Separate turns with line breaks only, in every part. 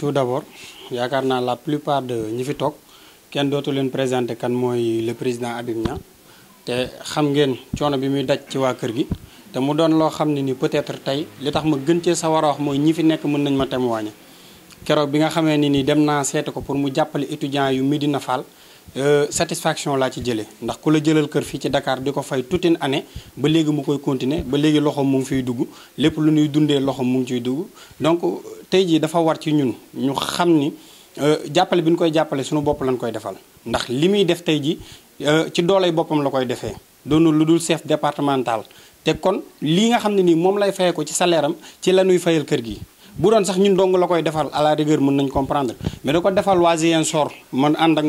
tout d'abord yaakaar naa la plupart de ñi fi toog kenn dootu leen présenté kan mooy le président Habib Niang te xam ngeen coono bi muy daj ci waa kër gi te mu doon loo xam ne ni peut-être tey li tax ma gën cee sa war a wax mooy ñi fi nekk mën nañ ma témoigner keroog bi nga xamee ni nii dem naa seeti ko pour mu jàppale étudiants yu Medina Fall Euh, satisfaction laa ci jëlee ndax ku la jëlal kër fii ci dakaar di ko fay toute une année ba léegi mu koy continuer ba léegi loxo mu ngi fiy dugg lépp lu ñuy dundee loxo mu ngi ciy dugg donc euh, tey jii dafa war ci ñun ñu xam ni euh, jàppale bi ñu koy jàppale sunu bopp lañ koy defal ndax li muy def tey jii ci doolay boppam la koy defee doonul lu dul chef départemental te kon lii nga xam ne nii moom lay fayee ko ci salaire am ci la ñuy fayal kër gi bu doon sax ñun dong la koy defal à la rigueur mën nañ comprendre mais da ko defal waa Ziguinchor man ànd ak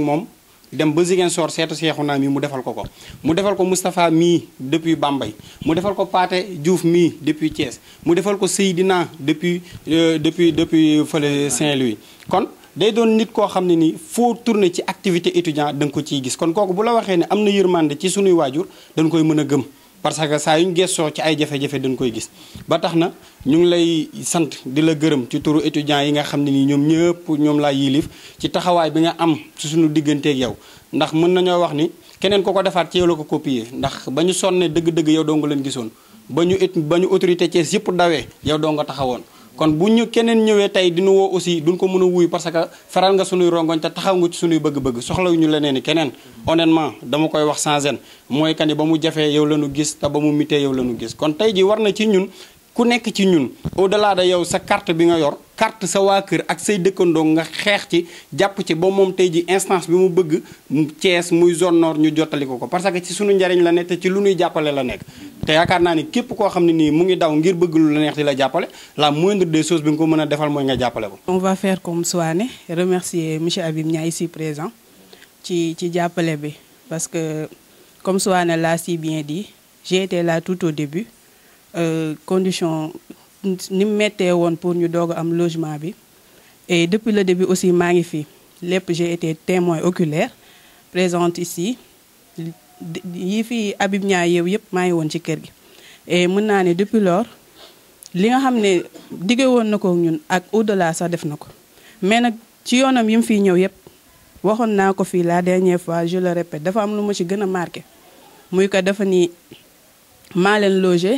dem ba Ziguinchor seetu naa mi mu defal ko ko mu defal ko Moustapha mii depuis bambay mu defal ko Paate juuf mii depuis cees mu defal ko Seydina depuis euh, depuis depuis fële Saint-Louis kon day doon nit koo xam ne ni foo tourné ci activité étudiant danga ko ciy gis kon kooku bu la waxee ne am na yërmande ci sunuy waajur dañ koy mën a gëm parce que sa yu gesso ci ay jafé jafé dañ koy gis ba taxna ñu ngi lay sant di la gëreum ci touru étudiant yi nga xamni ni ñom ñepp ñom la yilif ci taxaway bi nga am ci suñu ak yow ndax mën nañu wax ni keneen ko ko defaat ci yow la ko copier ndax bañu sonné sonnee dëgg yow do nga leen gisoon bañu bañu autorité ci yépp dawé yow do nga kon bu ñu keneen ñëwee tey dinu woo aussi du duñ ko mën a wuyu parce que feral nga sunuy rongoñ te taxaw nga ci sunuy bëgg-bëgg soxlawuñu leneen i keneen honnêtement dama koy wax sans gêne mooy kan ni ba mu jafee yow la ñu gis te ba mu mitee yow la ñu gis kon tey ji war na ci ñun ku nekk ci ñun au delà de yow sa carte bi nga yor carte sa wa keur ak say dëkkandoo nga xeex ci jàpp ci bo mom tay ji instance bi mu bëgg Thiès muy zone nord ñu jotali ko ko parce que ci sunu ndariñ la nekk ci lu ñuy jàppale la nekk te yakarna ni képp ko xamni ni mu ngi daw ngir bëgg lu la neex di la jàppale la moindre des choses bi ko mën a defal mooy nga jàppale ko
on va faire comme Souane remercier monsieur Habib Niang ici présent ci ci jappalé bi parce que comme Souane l'a si bien dit j'ai été là tout au début euh, condition ni mu méttee woon pour ñu doog am logement bi et depuis le début aussi maa ngi fii lepp j'ai été témoin oculaire présente ici yi fi Habib Niang yow yëpp maa ngi woon ci kër gi et mën naa ne depuis lors li nga xam ne dige woon na ko ñun ak de la sax def na ko mais nag ci yoonam yi mu fiy ñëw yëpp waxoon naa ko fii la dernière fois je le répète dafa am lu ma ci gën a marqué muy que dafa nii maa leen logé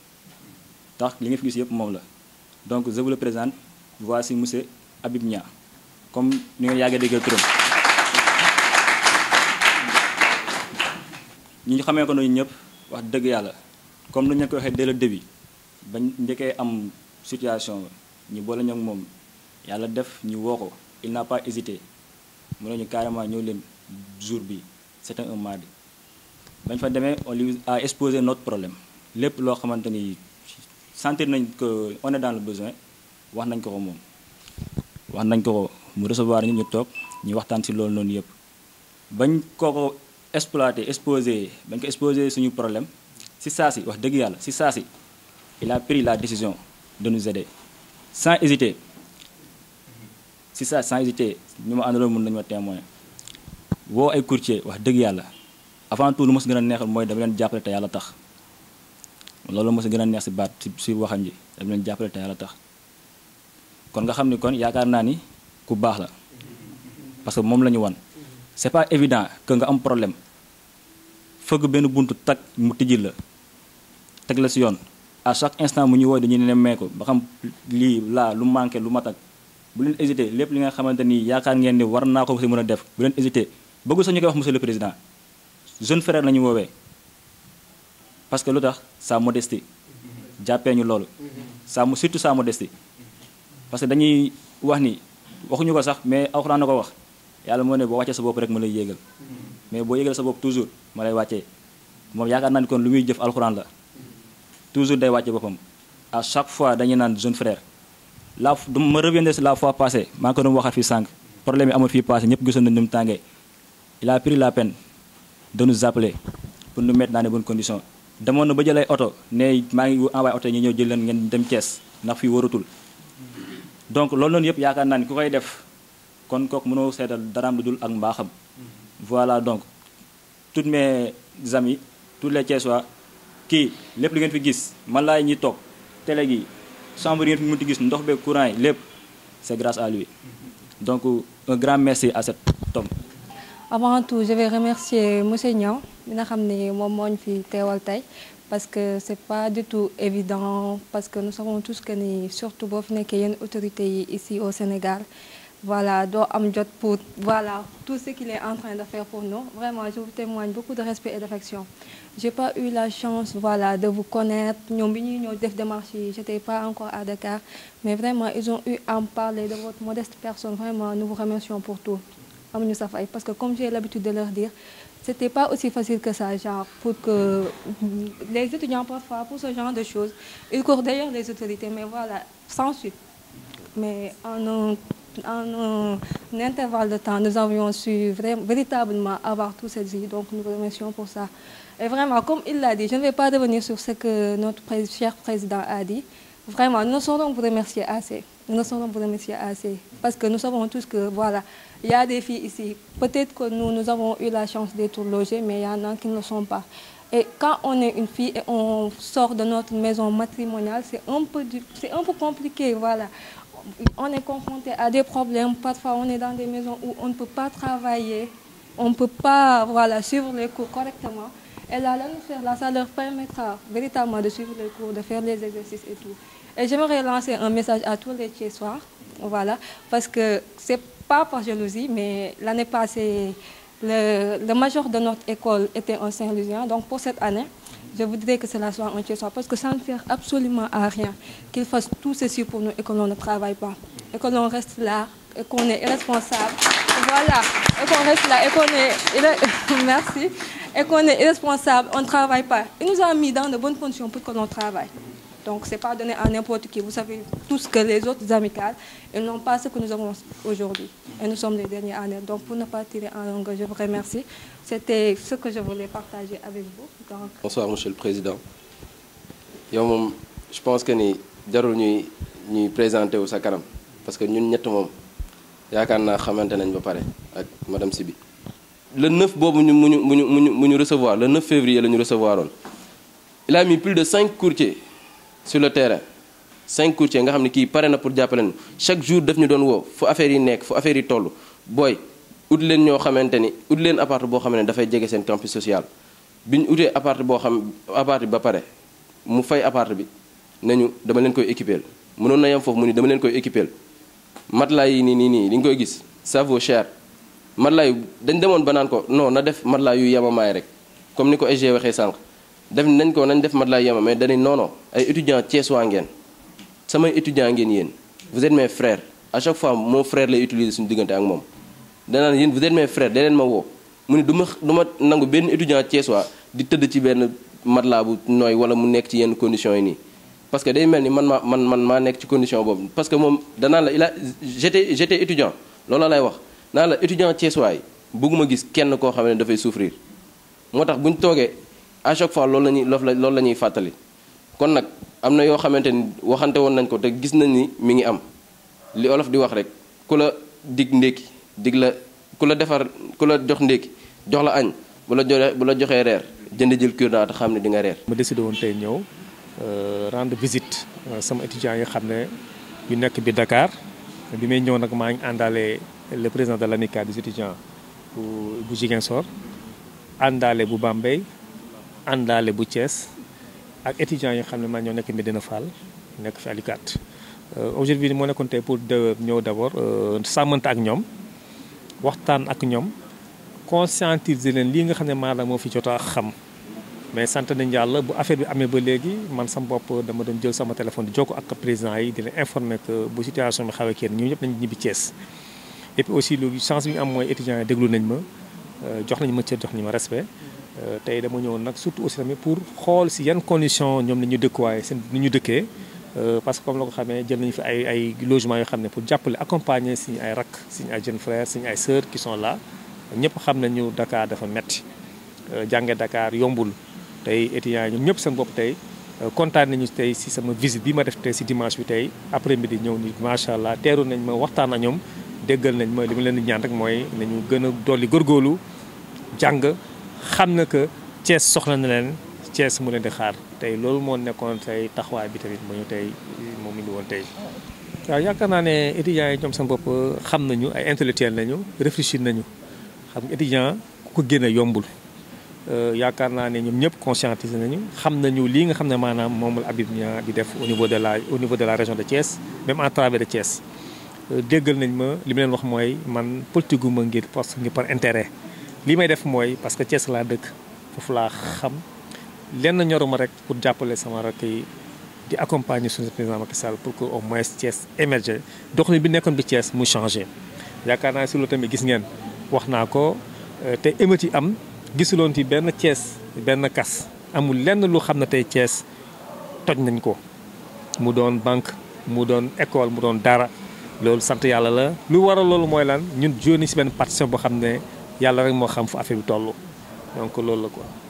donc je vous le présente voici monsieur Habib comme ni nga yàggee dégg turam ñi xamee ko noonu ñëpp wax dëgg yàlla comme ko waxee dès le début bañ situation il n'a pas hésité ñu carrément ñëw jour un mardi bañ fa on lui a exposé notre problème sentir nañ que on est dans le besoin wax nañ ko ko moom wax nañ ko mu recevoir ñu tok toog ñu waxtaan si loolu noonu yëpp bañ ko ko exploité exposer bañ ko exposer suñu problème si saa wax dëgg yàlla si saa il a pris la décision de nous aider sans hésiter si saa sans hésiter ñu ma àndaloon mën nañu ma témoin woo ay courtier wax dëgg yàlla avant tout lu ma si gën a neexal mooy dama leen jàppale te yàlla tax loolu mo si gëna neex ci baat ci ci waxam ji dañ leen jappalé tay la tax kon nga xamni ni kon yaakar na ni ku baax la parce que mom lañu won wan c'est pas évident que nga am problème fëgg ben buntu tak mu tijjil la tak la ci yoon à chaque instant mu ñu woy dañu ko ba xam li la lu manqué lu matak bu leen hésiter lepp li nga xamanteni yaakar ngeen ni war na ko ci mëna def bu leen hésiter bëggu sa ñu koy wax monsieur le président jeune frère lañu wowe parce que lu tax sa modestie jàppee ñu loolu sa surtout sa modestie parce que dañuy wax ni waxuñu ko sax mais alxuraan na ko wax yàlla moo ne boo wàccee sa bopp rek ma lay yéegal mais boo yéegal sa bopp toujours ma lay wàccee moom yaakaar naa ni kon lu muy jëf alxuraan la toujours day wàcce boppam à chaque fois dañuy naan jeune frère la ma revenir si la fois passée maa ngi ko doon waxaat fii sànq problème yi amul fii passé ñëpp gisoon nañ ni mu tàngee il la peine de nous appeler pour nous mettre dans de bonnes demoon na ba jël ay oto ne maa ngi envoyé oto yi ñu ñëw jël leen ngeen dem Thiès ndax fii waratul donc loolu noonu yëpp yaakaar naa ni ku koy def kon kooku mënoo seetal daraam lu dul ak mbaaxam voilà donc toutes mes amis tous les Thiessois kii lépp li ngeen fi gis man laay ñi toog télé gi chambre yi ngeen fi mënti gis ndox beeg courant yi lépp c'est grâce à lui donc un grand merci à cet homme.
Avant tout, je vais remercier monsieur Monseigneur nous avons xam ne moom parce que c'est pas du tout évident parce que nous savons tous que nous surtout boo qu'il y a une ici au Sénégal voilà pour voilà tout ce qu'il est en train de faire pour nous vraiment je vous témoigne beaucoup de respect et d'affection j'ai pas eu la chance voilà de vous connaître nous bi au ñëw def démarche j'étais pas encore à Dakar mais vraiment ils ont eu à me parler de votre modeste personne vraiment nous vous remercions pour tout parce que comme j'ai l'habitude de leur dire c'était pas aussi facile que ça, genre, pour que les étudiants, parfois, pour ce genre de choses, ils courent d'ailleurs les autorités, mais voilà, sans suite. Mais en un, intervalle de temps, nous avions su véritablement avoir tout ces idées, donc nous remercions pour ça. Et vraiment, comme il l'a dit, je ne vais pas revenir sur ce que notre cher président a dit. Vraiment, nous sommes saurons vous remercier assez nous sommes pour messieurs assez. Parce que nous savons tous que, voilà, il y a des filles ici. Peut-être que nous, nous avons eu la chance d'être logées, mais il y en a qui ne le sont pas. Et quand on est une fille et on sort de notre maison matrimoniale, c'est un, peu un peu compliqué, voilà. On est confronté à des problèmes. Parfois, on est dans des maisons où on ne peut pas travailler, on ne peut pas voilà, suivre les cours correctement. Et là, là, ça leur permettra véritablement de suivre les cours, de faire les exercices et tout. Et j'aimerais lancer un message à tous les soirs, voilà, parce que c'est pas par jalousie, mais l'année passée, le, le, major de notre école était en Saint-Lusien. Donc pour cette année, je voudrais que cela soit un soir parce que ça ne sert absolument à rien qu'il fasse tout ceci pour nous et que l'on ne travaille pas, et que l'on reste là, et qu'on est irresponsable, Voilà, et qu'on reste là, et qu'on est... Merci. Et qu'on est irresponsable, on ne travaille pas. Il nous a mis dans de bonnes conditions pour que l'on travaille. Donc ce n'est pas donné à n'importe qui. Vous savez tous que les autres amicales, ils n'ont pas ce que nous avons aujourd'hui. Et nous sommes les derniers années. Donc pour ne pas tirer en langue, je vous remercie. C'était ce que je voulais partager avec vous.
Bonsoir, Monsieur le Président. Je pense que nous devons nous présenter au Sakaram. Parce que nous sommes tous... naa xamante nañ ba ak madame Sibi le 9 recevoir le 9 février nous recevoir il a mis plus de cinq courtiers sur le terrain cinq courtiers nga xam ne kii pare na pour jàppale ñu chaque jour daf ñu doon woo fu affaire yi nekk fu affaire yi toll booy ut leen ñoo xamante ni ut leen appart boo xam ne dafay jege seen campus social bi ñu utee appart boo xam appart bi ba pare mu fay appart bi nañu dama leen koy équipeel mënoon na yem foofu mu ni dama leen koy équipeel matelas yi nii nii nii li nga koy gis ça vaut cher matelas dañ demoon ba naan ko non na def matelas yu yemamaay rek comme ni ko SG waxee sànq def nañ ko nañ def matelas yama mais dani non non ay étudiants tiers wangen sama samay étudiants ngeen vous êtes mes frères à chaque fois mon frère les utilise suñu diggante ak mom danaan yéen vous êtes mes frères da ma wo mu duma duma nangu ben étudiant Thiès waa di tëdd ci benn matelas bu noy wala mu nek ci yenn conditions yi parce que day mel ni man man man man maa nekk ci condition boobu parce que mom danaan la il a j'étais j'étais étudiant loolu lay wax naan étudiant Thiès waa yi bëgguma gis kenn koo xam dafay souffrir moo tax bu à fois loolu la ñuy loolu la ñuy fàttali kon nag am na yoo xamante ni waxante woon nañ ko te gis nañ ni mi ngi am li olof di wax rek ku la dig ndékki dig la ku la defar ku la jox ndékki jox la añ bu la joxee bu la joxee reer jënd jël cure dent xam ne di nga reer.
ma décidé woon tey ñëw euh, rendre visite euh, sama étudiants yi xam ne yu nekk bi dakaar bi may ñëw nag maa ngi àndaale le président de l'amicale des étudiants bu bu Ziguinchor àndaale bu Bambey. àndaale bu cees ak étudiants yi xam ne ma ñoo nekk Médina Fall nekk fi Alicate euh, aujourd'hui moo nekkoon tey pour de ñëw d'abord euh, sàmmante ak ñoom waxtaan ak ñoom conscientiser leen lii nga xam ne maanaam moo fi jot a xam mais sant nañu yàlla bu affaire bi amee ba léegi man sama bopp dama doon jël sama téléphone di jokko ak président yi di leen informer bu situation bi xawee kenn ñu ñëpp nañu ñibbi cees et puis aussi lu chance bi ñu am mooy étudiants yi déglu nañ ma euh, jox nañ ma cër jox nañ ma Euh, tey dama ñëw nag surtout aussi tamit pour xool si yan condition ñoom ni ñu dëkkuwaay seen ni ñu dëkkee euh, parce que comme la ko xamee jël nañu fi ay ay logements yoo xam ne pour jàppale accompagner suñu ay rak suñu ay jeunes frères suñu ay sœurs qui la là ñëpp xam nañu dakaar dafa metti euh, jànge Dakar yombul tey étudiants yi ñoom ñëpp seen bopp tey kontaan nañu tey si sama visite bi ma def tey si dimanche bi tey après midi ñëw ni macha allah teeru nañ ma waxtaan ak ñoom déggal nañ ma li ma leen di ñaan mooy nañu gën a dolli góorgóorlu jàng. xam na que Thiès soxla na leen Thiès mu leen di xaar tey loolu moo nekkoon tey taxawaay bi tamit mu ñu tey moom indi woon tey. waaw yaakaar naa ne étudiants yi ñoom seen bopp xam nañu ay intellectuels nañu réfléchir nañu xam nga ku ko génne yombul euh, yaakaar naa ne ñoom ñëpp conscientiser nañu xam nañu lii nga xam ne maanaam moom la Habib Niang di def au niveau de la au niveau de la région de Thiès même à travers de Thiès euh, déggal nañ ma li mu leen wax mooy man politique gu ma ngir parce que par intéret li may def mooy parce que Thiès laa dëkk foofu laa xam lenn ñoruma rek pour jàppale sama rakk yi di accompagner suñu président Macky Sall pour que au moins Thiès émerger doxalin bi nekkoon bi Thiès mu changer yaakaar naa si loolu tamit gis ngeen wax ko euh, te émeuti am gisuloon ti benn Thiès benn kas amul lenn lu xam ne tey Thiès toj nañ ko mu doon banque mu doon école mu doon dara loolu sant yàlla la lu waral loolu mooy lan ñun jóoni si benn partition boo xam yàlla rek moo xam fu affaire bi toll donc loolu la ko